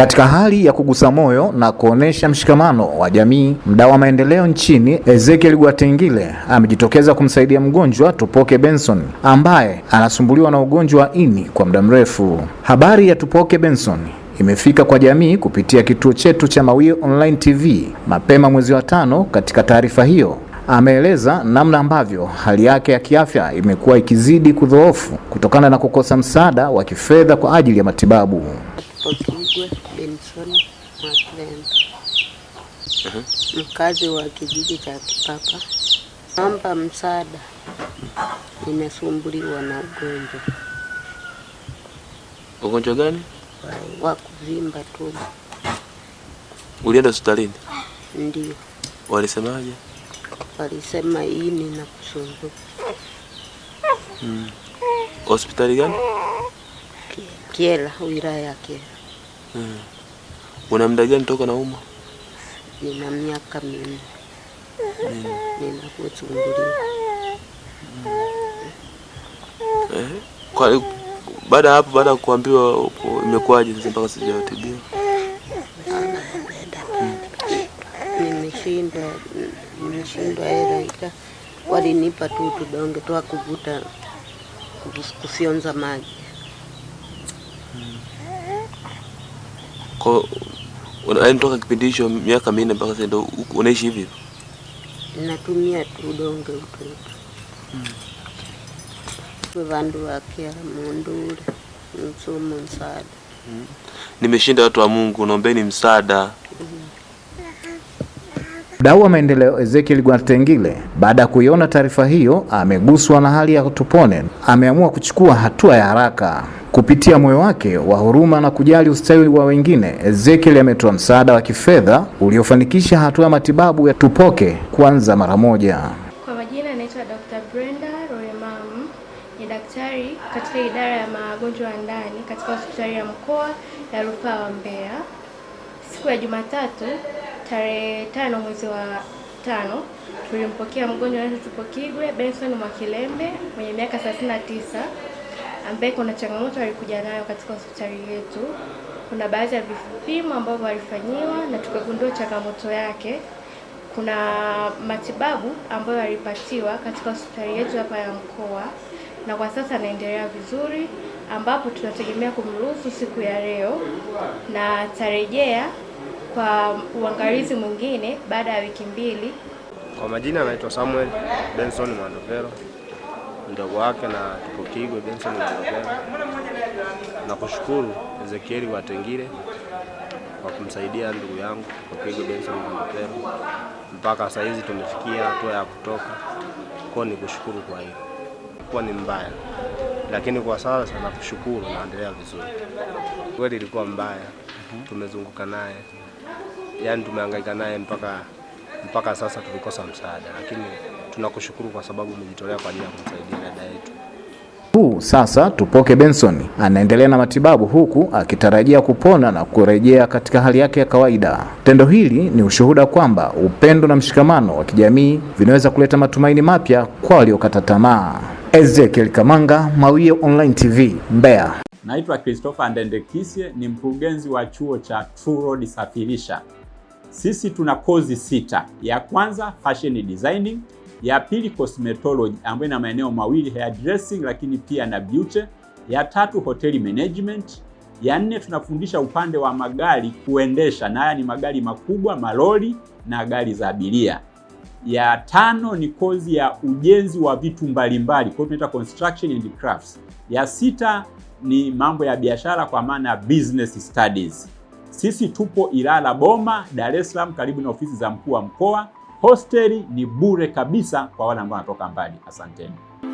Katika hali ya kugusa moyo na kuonesha mshikamano wa jamii, mdau wa maendeleo nchini Ezekiel Gwatengile amejitokeza kumsaidia mgonjwa Tupoke Benson ambaye anasumbuliwa na ugonjwa wa ini kwa muda mrefu. Habari ya Tupoke Benson imefika kwa jamii kupitia kituo chetu cha Mawio Online TV mapema mwezi wa tano. Katika taarifa hiyo ameeleza namna ambavyo hali yake ya kiafya imekuwa ikizidi kudhoofu kutokana na kukosa msaada wa kifedha kwa ajili ya matibabu. Okigwe Benson Mwakilendo, mkazi wa kijiji cha Kipapa. Naomba msaada, nimesumbuliwa na ugonjwa. Ugonjwa gani? Wa kuvimba tumbo. Ulienda hospitalini? Ndio. Walisemaje? Walisema hii ni na kusumbua. Hmm. Hospitali hmm. gani? Kiela, wilaya ya Kiela. Hmm. Una muda gani toka nauma? Nina miaka minne. Hmm. Nina ninakuchungulia. Hmm. Eh, kwa baada hapo baada ya kuambiwa imekuwaje sasa mpaka sijatibiwa? Nimeshindwa nimeshindwa hela ika walinipa tu tudonge twa kuvuta kusionza maji. Kwa hiyo yaani toka kipindi hicho miaka minne mpaka sasa ndio unaishi hivi? Natumia tu udonge ututu. Hmm. Vandu wakia mundule msumu msaada. Mm. Nimeshinda watu wa Mungu, naombeni msaada. Mdau wa maendeleo Ezekiel Gwatengile, baada ya kuiona taarifa hiyo, ameguswa na hali ya Tupone, ameamua kuchukua hatua ya haraka. Kupitia moyo wake wa huruma na kujali ustawi wa wengine, Ezekiel ametoa msaada wa kifedha uliofanikisha hatua ya matibabu ya Tupoke kuanza mara moja. Kwa majina anaitwa Dr. Brenda Roemam, ni daktari katika idara ya magonjwa ya ndani katika hospitali ya mkoa ya rufaa wa Mbeya. Siku ya Jumatatu tarehe tano mwezi wa tano tulimpokea mgonjwa wetu tupo Kigwe Benson Mwakilembe mwenye miaka 39 ambaye kuna changamoto alikuja nayo katika hospitali yetu. Kuna baadhi ya vipimo ambavyo alifanyiwa na tukagundua changamoto yake. Kuna matibabu ambayo alipatiwa katika hospitali yetu hapa ya mkoa, na kwa sasa anaendelea vizuri, ambapo tunategemea kumruhusu siku ya leo na atarejea kwa uangalizi mwingine baada ya wiki mbili. Kwa majina anaitwa Samuel Benson Mwandovero, mdogo wake na Tupokigwe Benson Mwandovero. Nakushukuru Ezekieli Watengile kwa kumsaidia ndugu yangu Tupokigwe Benson Mwandovero mpaka saa hizi tumefikia hatua ya kutoka kwao, ni kushukuru kwa hiyo kuwa ni mbaya, lakini kwa sasa nakushukuru, naendelea vizuri. Kweli ilikuwa mbaya, tumezunguka naye yani tumehangaika naye mpaka mpaka sasa tulikosa msaada, lakini tunakushukuru kwa sababu umejitolea kwa ajili ya kumsaidia dada yetu. Huu sasa Tupoke Benson anaendelea na matibabu huku akitarajia kupona na kurejea katika hali yake ya kawaida. Tendo hili ni ushuhuda kwamba upendo na mshikamano wa kijamii vinaweza kuleta matumaini mapya kwa waliokata tamaa. Ezekiel Kamanga, Mawio Online TV, Mbeya. Naitwa Christopher Ndendekisye, ni mkurugenzi wa chuo cha True Road Safirisha. Sisi tuna kozi sita. Ya kwanza fashion designing, ya pili cosmetology ambayo ina maeneo mawili hair dressing, lakini pia na beauty. Ya tatu hoteli management. Ya nne tunafundisha upande wa magari kuendesha, na haya ni magari makubwa, malori na gari za abiria. Ya tano ni kozi ya ujenzi wa vitu mbalimbali, kwa hiyo tunaita construction and crafts. Ya sita ni mambo ya biashara kwa maana business studies. Sisi tupo Ilala Boma, Dar es Salaam, karibu na ofisi za mkuu wa mkoa. Hosteli ni bure kabisa kwa wale ambao wanatoka mbali. Asanteni.